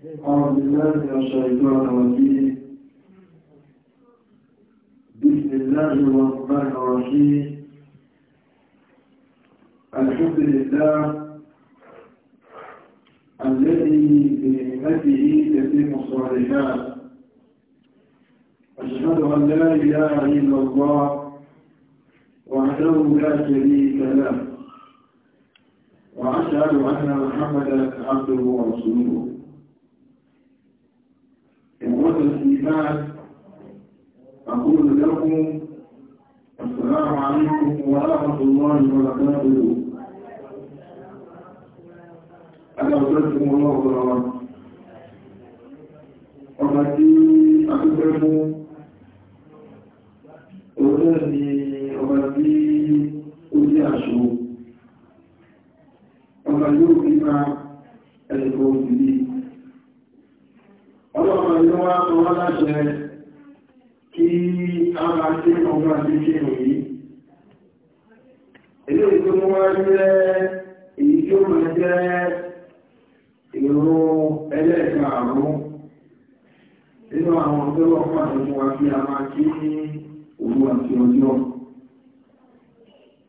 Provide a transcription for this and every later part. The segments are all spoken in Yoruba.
أعوذ بالله من الشيطان الرجيم بسم الله الرحمن الرحيم الحمد لله الذي بنعمته تتم الصالحات أشهد أن لا إله إلا الله وحده لا شريك له وأشهد أن محمدا عبده ورسوله الإيمان أقول لكم السلام عليكم ورحمة الله وبركاته أنا أسألكم الله ورحمة الله وبركاته láṣẹ kí a máa ṣe ọgbà sí ṣe òní ilé ìgbé mú wá jẹ́ èyí tí ó máa jẹ́ ìrò ẹlẹ́ẹ̀kan àrùn nínú àwọn tó wọ́n pàdé fún wa kí a máa kí ní òru àti ọjọ́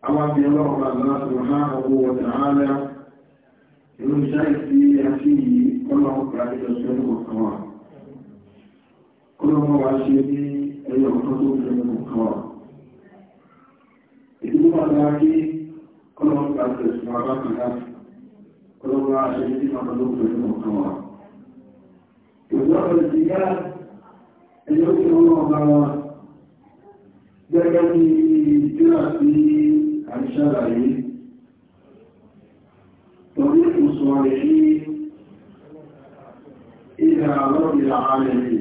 àwọn àbí ọlọ́pàá àgbà subhanahu wa ta'ala ìlú iṣẹ́ ìsí àti ìkọlọ̀ ọ̀pàá ìjọsẹ́ ìwọ̀n kan wà ọlọ́mọ wa ṣe ní ẹyọ ọ̀kan tó fẹ́ mọ̀ kan wà. Ìdúró wà ní ayé ọlọ́mọ gba tẹ̀sùn àbá kan láti. Ọlọ́mọ wa ṣe ní ọ̀kan tó fẹ́ mọ̀ Ìjọba ọ̀rẹ́ ti yá ẹyọ tí wọ́n lọ bá wa. Gẹ́gẹ́ bí ìdíra sí àìṣàlàyé. Tọ́lé ìfòsùn àrẹ̀ sí ìhà àárẹ̀ yìí.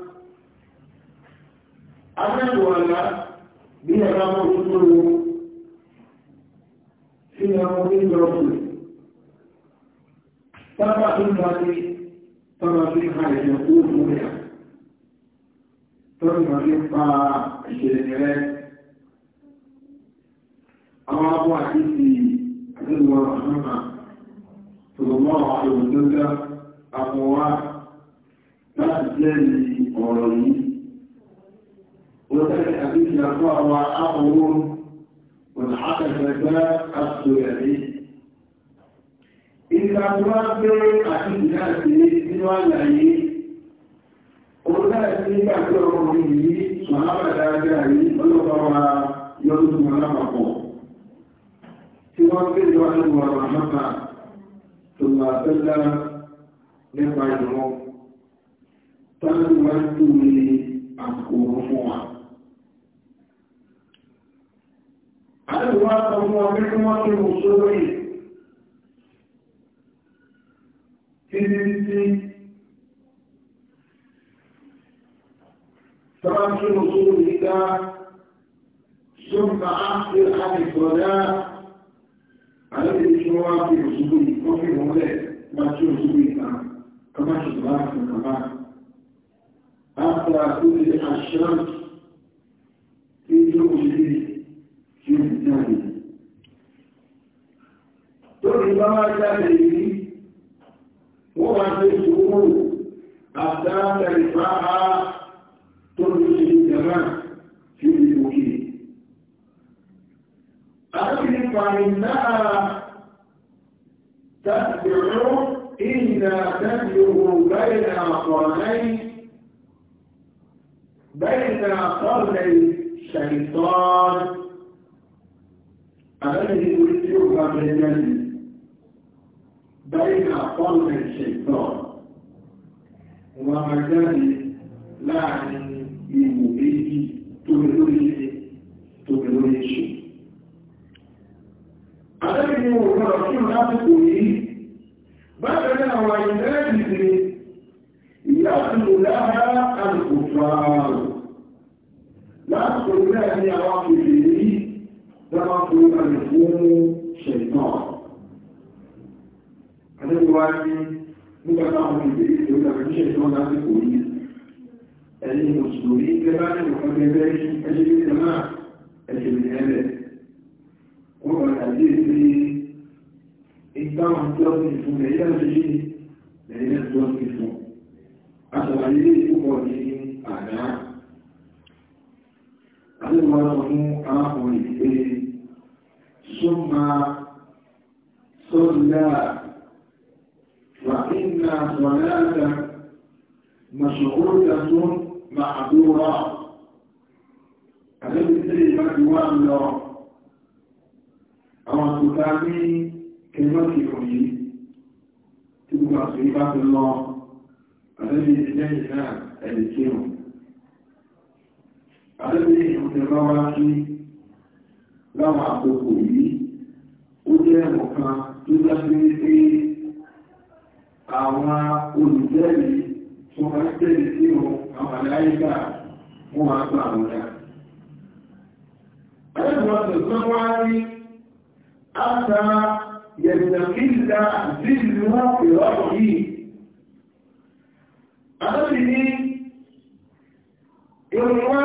amẹ́rù ọ̀la bí ẹ̀ka mọ́ tó lò sí ẹ̀wọ̀n ní ìjọba tábà tó ń bàtí tọ́lá sí ha ẹ̀jẹ̀ kó fún rẹ̀ tọ́lá ma fi pa ìṣẹ̀lẹ̀ rẹ̀ àwọn abọ́ àti ti àdéhùwà ọ̀hánà tòlùmọ́ àlòmọ́dọ́dá àmọ́wá láti وذلك الحديث يرفعه عقل والحكم الباب السوري إذا أردت أن تأتي من وعلي ولكن يقولون لي صحابة الأجانب ولغوا يرسم نفقه سوى في الوحيد والرحمة ثم سلم لقائهم تنوى الدولي أذكر فوعه àti wọ́n sọ fún wọn bí wọ́n ti mú sórí títí tí tọ́lá tí mú sórí dá sọ́mà ápì àdìgbọ́dá àti tí wọ́n fi òṣùgbò wọ́n fi wọ́n lẹ̀ jáde lórí bá wá jáde yìí wọ́n wá ṣe sùúrù àtàkà ìfáà tó lè ṣe ìjàmá sí ìwòkè àkíkà ìnáà تتبعوا إلا تبلغوا بين قرنين بين قرني الشيطان àbẹ́lẹ̀ orí tí ó bá bẹ̀rẹ̀ mẹ́rin báyìí àpọ́lẹ̀ ṣẹ̀tọ́ wọn máa jáde láàrin ìwò méjì tó bẹ̀ lórí ṣe tó bẹ̀ lórí ṣe àbẹ́lẹ̀ ni wọ́n rọ̀ kí wọ́n lásìkò yìí báyìí àwọn ìrẹ́lẹ̀ ìdílé ìyá àtúntò láàárá àlùkò fàárò lásìkò náà ni àwọn kòkèrè dábàá fún kalẹ̀ fún ṣẹ̀tàn. Adébíwá ní vai no ìbéèrè tó dàbí ṣẹ̀tàn lásìkò yìí. Ẹni mùsùlùmí gẹ́gẹ́ ní nǹkan gẹ́gẹ́ ẹṣẹ́ bí kan náà ẹṣẹ́ bí ẹlẹ̀. Wọ́n kọ̀ tàbí sí ìgbàwọn tí ó ti fún ẹ̀yẹ́ àṣírí ẹ̀yẹ́ tí ó ti fún. Aṣàlàyé púpọ̀ ní àná. Adébíwá sọ fún arákùnrin pé ثم صلى وإن صلاته مشغولة معذورة الذي سيد مجوان له أو تتابي كلمة يحيي تبقى صفات الله الذي إليها الكيم الذي يحيي láwọn àkókò yìí ó jẹ́ ọ̀kan tó dájú wípé àwọn olùjẹ́rìí tó máa ń tẹ̀lé sí àwọn aláìgbà wọn á gbà wọn dá. yìí. Adọ́bìnrin, ìrọ̀rùn wá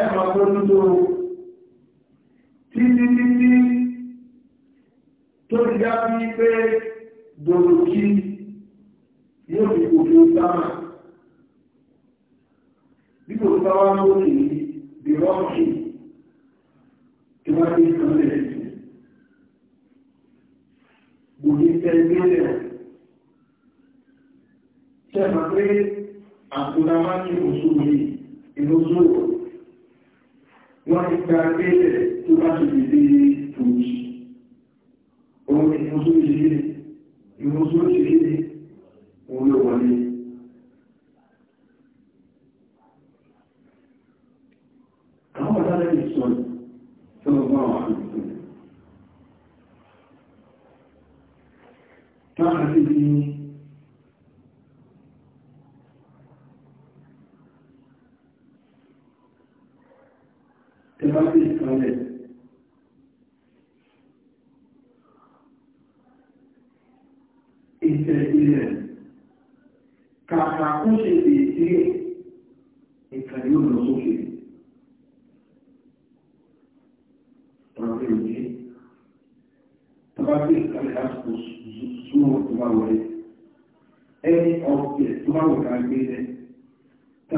ẹ̀mọ̀ tó ń tó títí títí tó ń já bí pé dòròkí yóò fi òfin sáàmà bí kò sáwá lókè bí rọ́ọ̀kì tí wọ́n ti kàn lẹ̀ gbòdì tẹ́gbẹ́lẹ̀ tẹ́mà pé àkùnrin máa ń kí òṣù yìí ìlú sóòrò wọ́n ti gba pẹ́lẹ̀ tó bá ti lè lè tòójì. Òun ni ìmúsùn ìṣẹ́lẹ̀, ìmúsùn ìṣẹ́lẹ̀, òun ló wọlé. Àwọn ọ̀dọ́lẹ̀ ti sọ sọ́rọ̀ bá wà ní ìṣẹ́lẹ̀. Táà ti di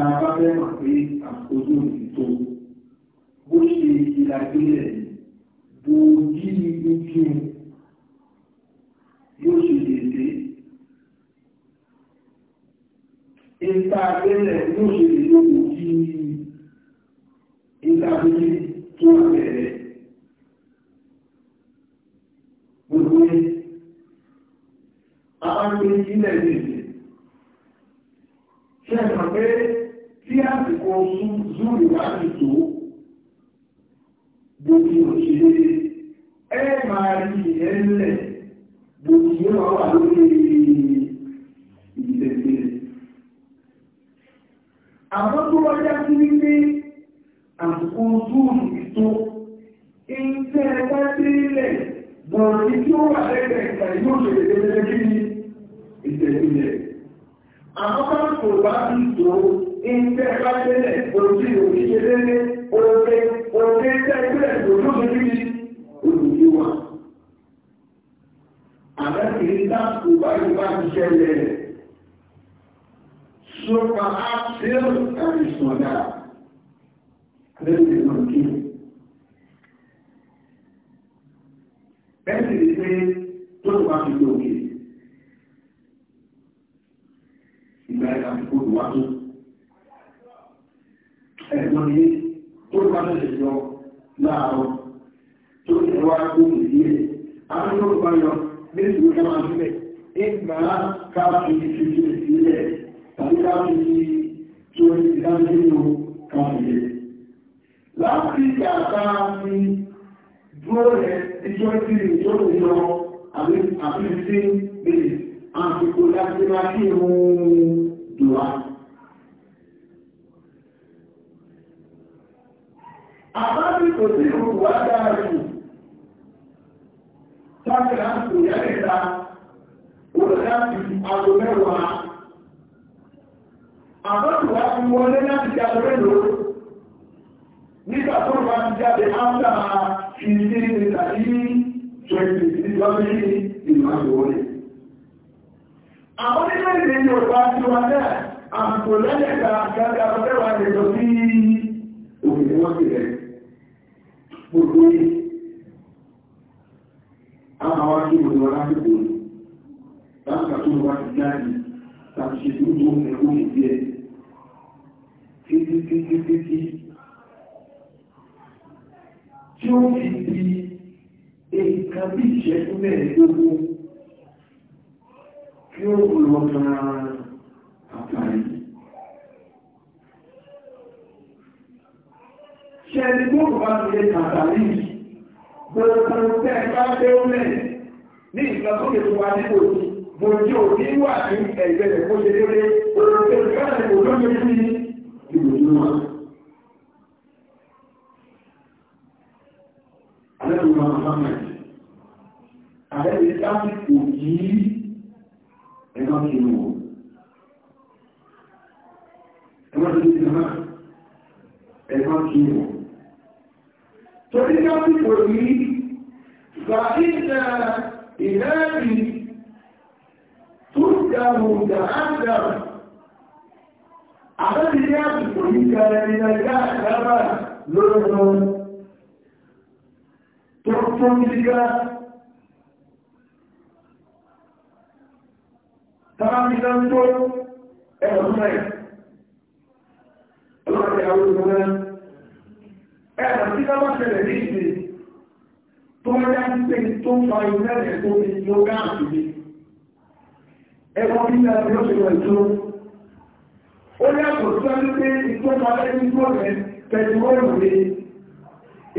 apen apen ap kouzou bitou. Bouché si la kine bou jini mou kyou yo se jete et apen nou se jete bou jini et apen tou apen bou koune apen jine mou koune kyan apen tí àsìkò sún zúrì wá sí tó gbogbo òṣèré ẹ máa rí ìyẹn lẹ̀ gbogbo ìyẹn wà wà lórí ìdẹ̀gbẹ̀ àwọn tó wájá sí wípé àsìkò zúrì tó ń tẹ́ ẹ bá délẹ̀ bọ̀rọ̀ tí ó wà lẹ́gbẹ̀ẹ́ ìgbà yóò ṣe ìdẹ̀gbẹ̀ kí ni ìdẹ̀gbẹ̀ àwọn bá kò bá ń tó ìtẹ́ ìbájẹ́lẹ̀ òjì òjìṣẹ́ lẹ́lẹ́ oore oore tẹ́ ìpínlẹ̀ lójú méjì olùdí wa. Àbẹ́ kìí dáàbò báyìí bá ti ṣẹlẹ̀ sọ́pà áṣẹ́lù àti sọ̀dá lẹ́yìn náà kí. Bẹ́ẹ̀ sì ni pé tó bá fi lókè. Ìgbà ìlànà kò wá tó ẹ̀gbọ́n yìí tó bá ń lè yọ láàárọ̀ tó ti wá gbogbo ìdílé àwọn yóò bá yọ méjì ó máa sílẹ̀ ìgbà káàkiri tuntun ìsílẹ̀ tàbí káàkiri tó ti dáńdínú káàkiri. láti ìgbàta ni dúró rẹ̀ ìjọ tí ìjọ ìjọ àbí àfihàn sí àsìkò láti máa kí ìhun dùn àbábí kò sí ìlú wà dáàrí sáàkì láti ìyẹ́lẹ́ta olùdáàbí aago mẹ́wàá àbábí wà ti wọlé láti jáde mélòó nígbà tó wà ti jáde áńtà ìdí ìtàdí twenty ìdíwájú ìlú àgbòwọlé àwọn nílé ìdí Yorùbá ti wà náà àbùkù lẹ́yẹ̀ta gẹ́gẹ́ abẹ́wà ìjọ sí òmìnira ìrẹ̀lẹ̀ gbogbo ní àwọn àwọn akéwò ní ọlá tó gbòòrò tó wà ní láàyè tàbí ṣe tó tó ń ẹ̀kọ́ ìdí ẹ̀ títí tí ó fi di nǹkan bí ìṣẹ́jú mẹ́ẹ̀ẹ́dógún kí ó lọ àtàrí ṣe ẹni tó kò bá ti lè kàtàlì gbogbo tẹ́ bá fẹ́ lẹ̀ ní ìgbàsókè tó wà nígbò gbòjò ní wà ní ẹgbẹ́ rẹ̀ kó ṣe lórí oòrùn tó ń gbà rẹ̀ kò lóye sí ìgbòjò wa. Àlẹ́ ìwà Muhammad, àlẹ́ torí lásìkò yìí gbàdínà ìlẹ́rìí tó dàrú dàádà àbẹ́bíyà àsìkò yìí kẹrẹ ní ẹgbẹ́ àgbàrà lọ́rọ̀ tó tó ń tàbílá tó ẹ̀rọ mẹ́ ọlọ́rẹ̀ àwọn ìwọ̀n ẹ̀rọ tí ká bá ṣẹlẹ̀ ní ìdè tó ń dá pé tó ń fa ìrẹ́lẹ̀ tó ní ló gáàsì ní ẹ̀rọ bí i àti ọ̀ṣẹ̀lẹ̀ ìjọ ó yàtọ̀ sí ọdún pé ìtọ́jú abẹ́ni tó rẹ̀ pẹ̀lúwọ́ọ̀lù ní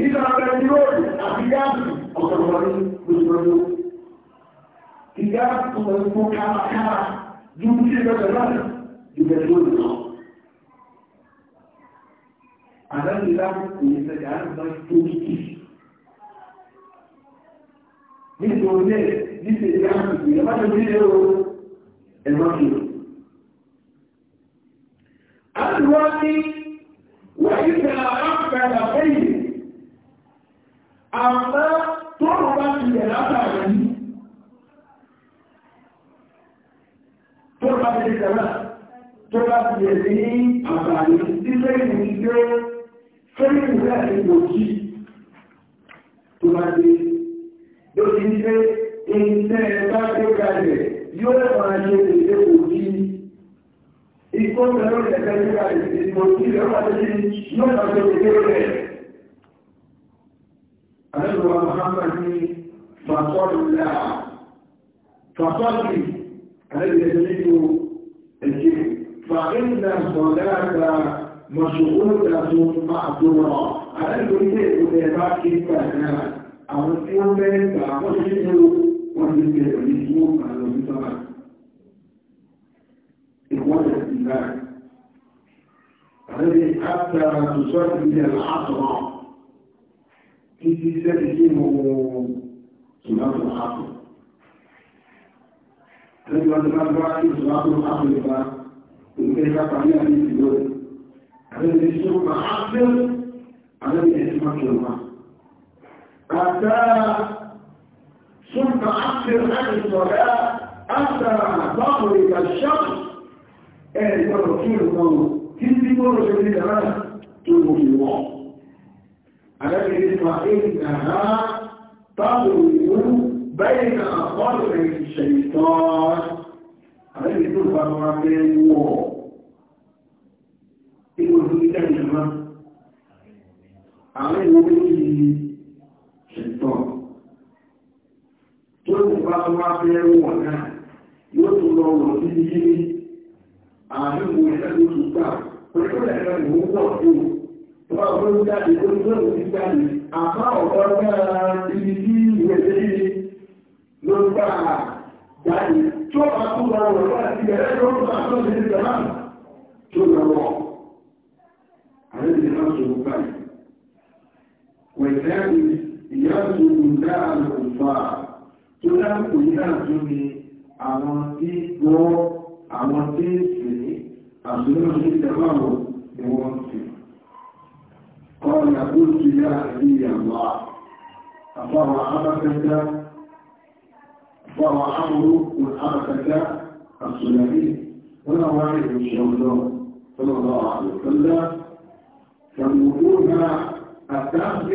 ìjọ pẹ̀lúwọ́ọ̀lù àti gáàsì ọ̀sọ̀rọ̀lọ́rí gbogbo ìgbà tó lọ fún kárakára ju kí ẹgbẹ̀rẹ̀ láti ìgbẹ̀lú lọ àdáni lábùkù ìṣẹ̀lẹ̀ àdúgbò tóbi nítorí ẹ̀ nítorí àdúgbò ìyẹn bá tó ní ẹ̀rọ ẹ̀rọ kì í. àdúgbò ní wáyé tẹ̀lá a àpẹẹrẹ àmọ́ tó ń bá ti yẹ̀ látàrí yìí tó ń bá ti yẹ̀ látàrí tó ń bá ti yẹ̀ sí àbàlẹ̀ sílẹ̀ ìgbẹ́ Fẹ́rí ìwé àti ìwòjí tó máa dé. Ló ti ní pé iṣẹ́ bá tó kalẹ̀ yóò máa ṣe èdè òjí. Ikú mẹ́rọ ìrẹ̀fẹ́ tó kalẹ̀ ìwòjí rẹ̀ wà lórí yóò máa ṣe èdè rẹ̀. Àlẹ́lọ́wà Muhammad ní Fàtọ́lùlá. Fàtọ́lù àlẹ́lẹ́lẹ́ nínú ẹ̀jẹ̀. Fàtọ́lù مشغولة معذورة على الكل وتابعات كيف أنا àwọn tí wọ́n bẹ́ẹ̀ gbà wọ́n ti ṣe ẹ̀rọ wọ́n ti ṣe ẹ̀rọ ní wọ́n gbà lọ sí sọ́mà ìwọ́lẹ̀ sí lára àrẹ́bí àtàrà tòṣọ́ ìpínlẹ̀ àtọ̀rọ̀ kí ti sẹ́ni sí ìmọ̀wọ̀ tòmátò àtọ̀ lẹ́yìn wọn ti máa gbọ́ sí tòmátò àtọ̀ ìgbà òun kẹ́kẹ́ pàmí àti ìdílé عمل يسوق حاضر عمل يسمع كلمة حتى ثم أخبر عن الصلاة حتى تغرب الشمس أهل الرسول الله كل مرة من الأمان تلو في الله الذي يسمع إنها تغرب بين أخبار الشيطان الذي تلو في الله jùmọ́ àwọn ìwé méjì ṣẹ̀tọ̀ tó kù bá tó wá fẹ́ wọ̀n náà yóò tó lọ wọ̀ sí yí àwọn ìwé tó gbà pẹ̀lú ẹ̀rọ pọ̀ tó bá wọ́n يرجو البيع والثاني يرجو مداء الكفار تنقل يرجو àwọn tí gbọ́ àwọn tí sì ní àṣírí sí ìjọmáwò ni wọ́n ti ọ̀rọ̀ àgbóòtú yá sí ìyàwó àfọwà abákẹta fọwà amúrú kùn abákẹta àṣùlẹ̀ ní wọ́n náà wáyé ìṣẹ́ ọ̀dọ́ tọ́lọ̀lọ́ àlùfẹ́lẹ́ ينظرونها التأخذ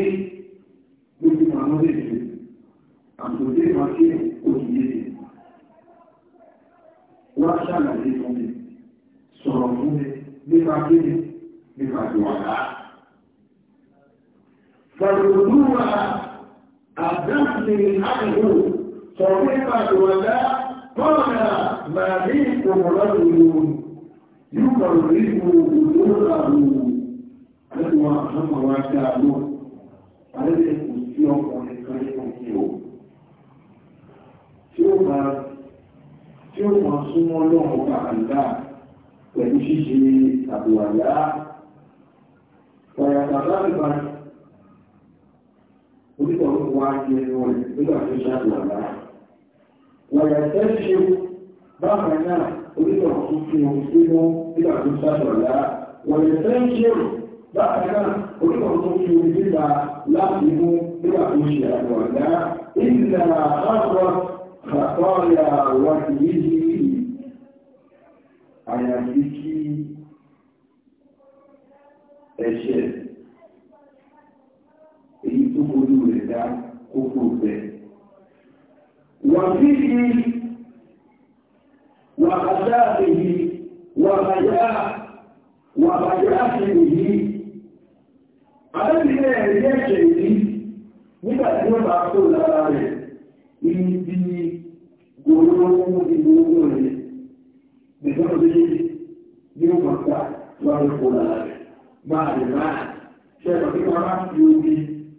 مثل ما نريد أن تدير في أجيبه وأخشى لديهم صرفون بفاكين بفاكوها فالرجوع الدخل عنه صرفت ولا قال ما منكم رجل يقرب وجوده lẹ́nu wọn àmọ́ wa dá a lọ alẹ́ kò sí ọkùnrin kan nínú mi o tí ó máa tí ó máa súnmọ́ lọ́wọ́ bá àlá pẹ̀lú ṣíṣe àbúwàlá ọ̀rọ̀ bàbá ìbá onítọ̀ wá jẹ ẹ̀wọ̀n nígbà tó ṣàbúwàlá wọ̀rọ̀ tẹ́ṣe bákan náà onítọ̀ tún fi hàn sí wọn nígbà tó ṣàbúwàlá wọ̀rọ̀ tẹ́ṣe bákan náà oníkan tó fi omi níta láti mú nígbà tó ṣe àgbàdá ìlà àpapọ̀ àpáyà wà níyí àyàfi kí ẹ̀ṣẹ̀ èyí tó fojú rẹ̀ dá kókó bẹ́ẹ̀. wà níyí wà èyí. Àbẹ́bìnrin ẹ̀rí ẹ̀ṣẹ̀ yìí nígbà tí wọ́n bá kó lára rẹ̀ ní bí gbòòrò ohun ìlú owó rẹ̀. Bẹ̀rẹ̀ ọdún yìí ní ó máa gbà wà ló kó lára rẹ̀. Máa rẹ̀ máa ṣe ẹ̀rọ tí wọ́n bá fi omi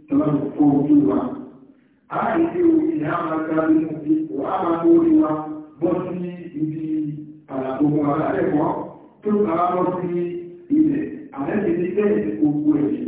tó máa kó ojú wa. A rí bí omi ní a máa gbá nínú bí wà á máa mórí wa bọ́ sí ibi àlàbòmọ̀ alárẹ̀kọ́ tó bá wọ́n sí ilẹ̀ àlẹ́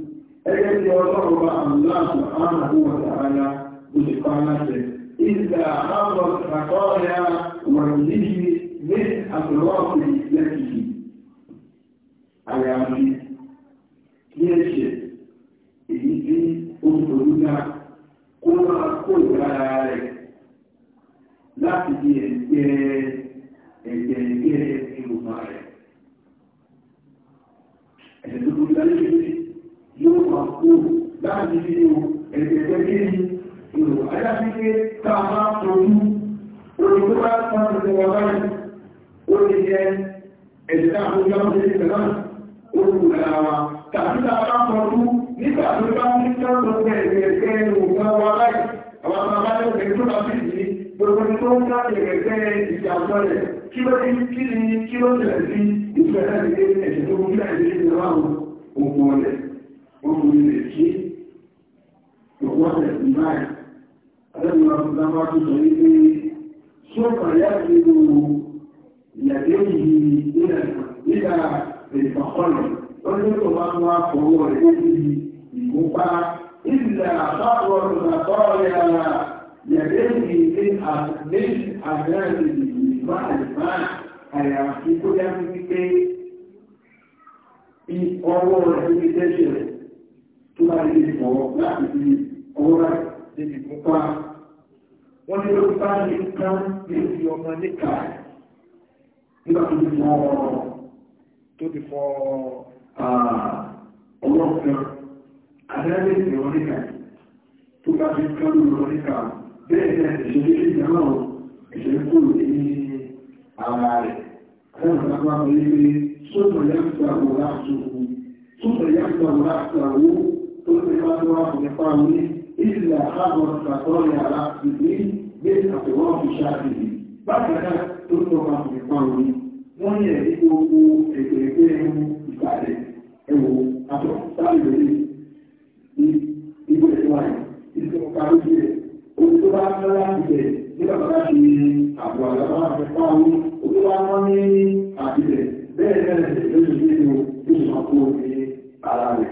ẹgbẹ́ tí ọlọ́run bá àmúláàtù ààrùn wọn tààlà òṣìkọ́ aláṣẹ ìgbà àwọn àkọọ́lẹ̀ wọn níbi ní àtúrọ́ọ̀pì lẹ́kìkì àyàfi kí ẹ̀ṣẹ̀ èyí tí ó tòrú náà kó máa kó ìrùmọ̀ rẹ̀ ẹ̀jẹ̀ tó kú lálẹ́ yóò máa kú láti fi ẹ̀ẹ̀kẹ́ kí ni ìlú ajáfíké tá a máa tọ́jú olùkọ́ bá tán tuntun wọn báyìí ó lè jẹ ẹ̀sìn náà tó yọ ọmọdé ní ìgbà náà ó kù lára wa tàbí tá a bá tọ́jú nígbà tó bá ní tọ́jú ẹ̀ẹ̀kẹ́ ìrùkọ́ wa báyìí àwọn àbábáyọ̀ ẹ̀ẹ́dẹ́ tó bá fi yìí gbogbo tó ń ká ẹ̀ẹ̀kẹ́ ìjàmbá rẹ̀ kí ló ní kí ni kí ló tẹ̀lé sí ìfẹ́ ومنعشين وقوات الاجتماعي ألم الضمات صليبي سوف يأخذ يديه إلى إلى الفخر ويقول الله فهو يده يقوى إلا خطوة خطايا يديه من من أجانبه بعد ما هيعطيك يمكن ọwọ́ rẹ̀ níbi tẹ́sí rẹ̀ tó bá lè ní ọwọ́ láti fi ọwọ́ láti débi pupa. Wọ́n ní ló bá lè ká lè fi ọmọ níkà nígbà tó ti fọ tó ti fọ ọwọ́ kan. Àdáyé ti rọ níkà tó bá fi ká lè rọ níkà bẹ́ẹ̀ ni ìṣẹ̀lẹ̀ ìṣẹ̀lẹ̀ náà ìṣẹ̀lẹ̀ kúrò ní ara rẹ̀. Àwọn ìgbàgbọ́ àwọn ilé sọ́tọ̀ yàtọ̀ àwọn aṣọ òun sọ́tọ̀ yàtọ̀ àwọn aṣọ àwọn tó ti wá tó wá nípa ní ilẹ̀ àbọ̀ ìtàkọ́rẹ̀ ara ìdí gbé àtẹ̀wọ́n fi ṣáàbìlì bákan náà tó tó wá nípa ní wọ́n yẹ̀ ní gbogbo ètò ẹgbẹ́ ẹ̀hún ìbàdẹ̀ ẹ̀wọ̀ àtọ̀ sáàbìlì ní ìgbé ìwáyé ìṣòro kàrúbì rẹ̀ orí tó bá ń lọ́wọ́ ìbẹ̀ nígbà bá ṣe àbọ̀ àlọ́ àfẹ́fà ní orí wá mọ́ ní àbílẹ̀ bẹ́ẹ̀ bẹ́ẹ̀ lóṣù nínú oṣù kan kó ní ara rẹ̀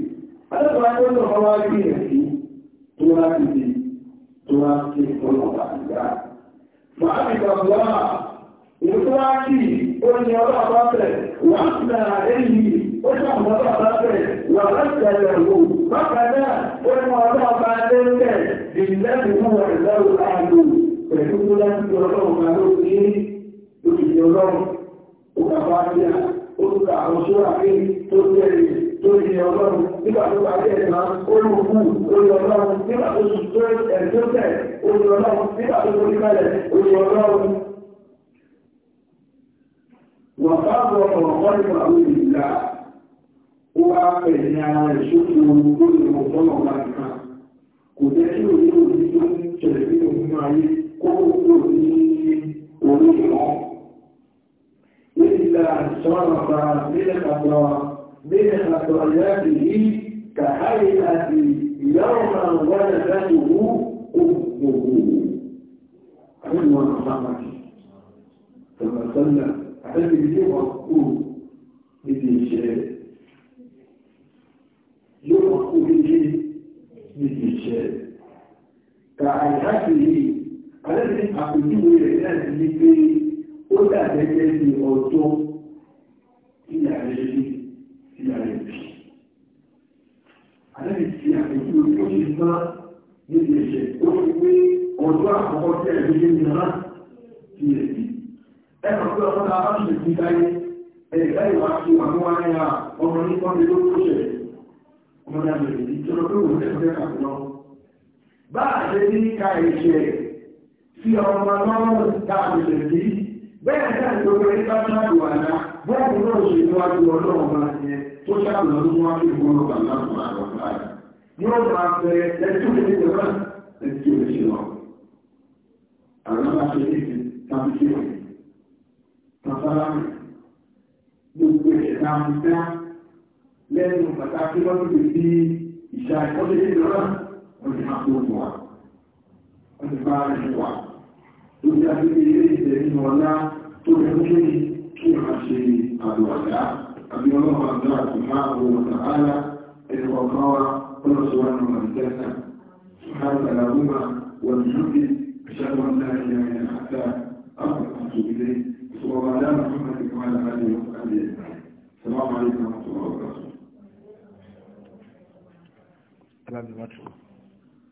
Pẹ́lẹ́gbà tó ń lọ wá rí rẹ̀ sí tó wá ti di tó wá sí ọlọ́pàá àgbà. Màá fi gbàgbọ́ wá, ìlú wá kí ó ní ọlọ́ àbáfẹ́, wà á ti dára èyí, ó ní àwọn ọlọ́ àbáfẹ́, wà láti ẹ̀rẹ̀ wò. Bákan náà, ó ní ọlọ́ àbá lẹ́lẹ̀, ìlẹ́bùn mú wà ìlẹ́rù àlò, pẹ̀lú tó láti di ọlọ́run kan ló ní òṣìṣẹ́ ọlọ́run. Ó kà wá sí à, ó kà àwọn ṣọ́ra pé tó tẹ̀lé lórí ọlọ́run nígbà tó parí ẹ̀ máa olùkú orí ọlọ́run nígbà tó sùn tó ẹ̀dọ́tẹ̀ orí ọlọ́run nígbà tó torí kalẹ̀ orí ọlọ́run. wọ́n bá bọ̀ ọ̀rọ̀ nípa àwọn ìlà ó wá pẹ̀ ní ara rẹ̀ sókè ohun tó lè mọ̀ tọ́nà wá nìkan kò jẹ́ kí òní òní tó ń ṣẹlẹ̀ nínú nínú ayé kó kó ní orí ìmọ̀. Ilé ìlà ìṣọ́nà ọ̀gá nílẹ̀ kàtàwà من خطرياته كهيئة يوم ولدته أمه أمه محمد كما صلى أحد يجيب أقول بدي شيء يوم أقول بدي بدي شيء كهيئته الذي أقول له أن يجيب ó dàbẹ́ jẹ́ bí ọjọ́ ilẹ̀ àjẹ́jì àlẹ́bí tí àpèjú tó ṣe má níbi ẹ̀ṣẹ̀ ó fi pé ọjọ́ àkọ́kọ́ tí ẹ̀rí ṣe ní ọlá ti rẹ̀ sí. ẹ kàn pé ọmọ náà bá ṣe ti dáyé ẹ̀ka ìwà tí wà wá ní a ọmọ ní kọ́ni ló tó ṣẹlẹ̀ ọmọ náà lè rí ìjọba pé òun lẹ́kọ̀ọ́ kàkó lọ. bá a ṣe ní ká ẹ̀ṣẹ̀ sí ọmọ náà dáa lè rí bọ́ọ̀bù náà ṣe níwájú ọlọ́run máa ń yẹ tó ṣàmì ọdún wá sí ìwọ̀n ọgbà láti máa lọ láàyè yóò máa fẹ́ ẹtú ní ìjọba ẹtú lè ṣe lọ. àwọn aláṣẹ yìí tàbí kí wọn tàbára gbogbo ẹ̀dá amúdá lẹ́nu pàtàkì lọ́dún lè fi ìṣà ìkọ́lé ìjọba wọ́n ti máa tó wà wọ́n ti bá rẹ̀ wà lórí àti ilé ìtẹ̀ nínú ọlá tó rẹ̀ ń kéde شيء حشي قد وجع أبي الله سبحانه وتعالى إذ وقاوى كل سوان ومجلسة سبحانك اللهم وبحمدك أشهد أن لا إله إلا أنت أصبحت إليك صلى الله على محمد وعلى آله وصحبه أجمعين السلام عليكم ورحمة الله وبركاته.